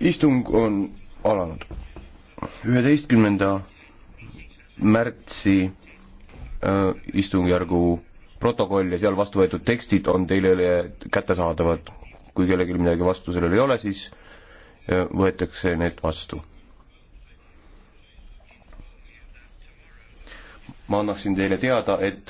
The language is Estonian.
istung on alanud. üheteistkümnenda märtsi äh, istungjärgu protokoll ja seal vastu võetud tekstid on teile kättesaadavad. kui kellelgi midagi vastu sellele ei ole, siis äh, võetakse need vastu. ma annaksin teile teada, et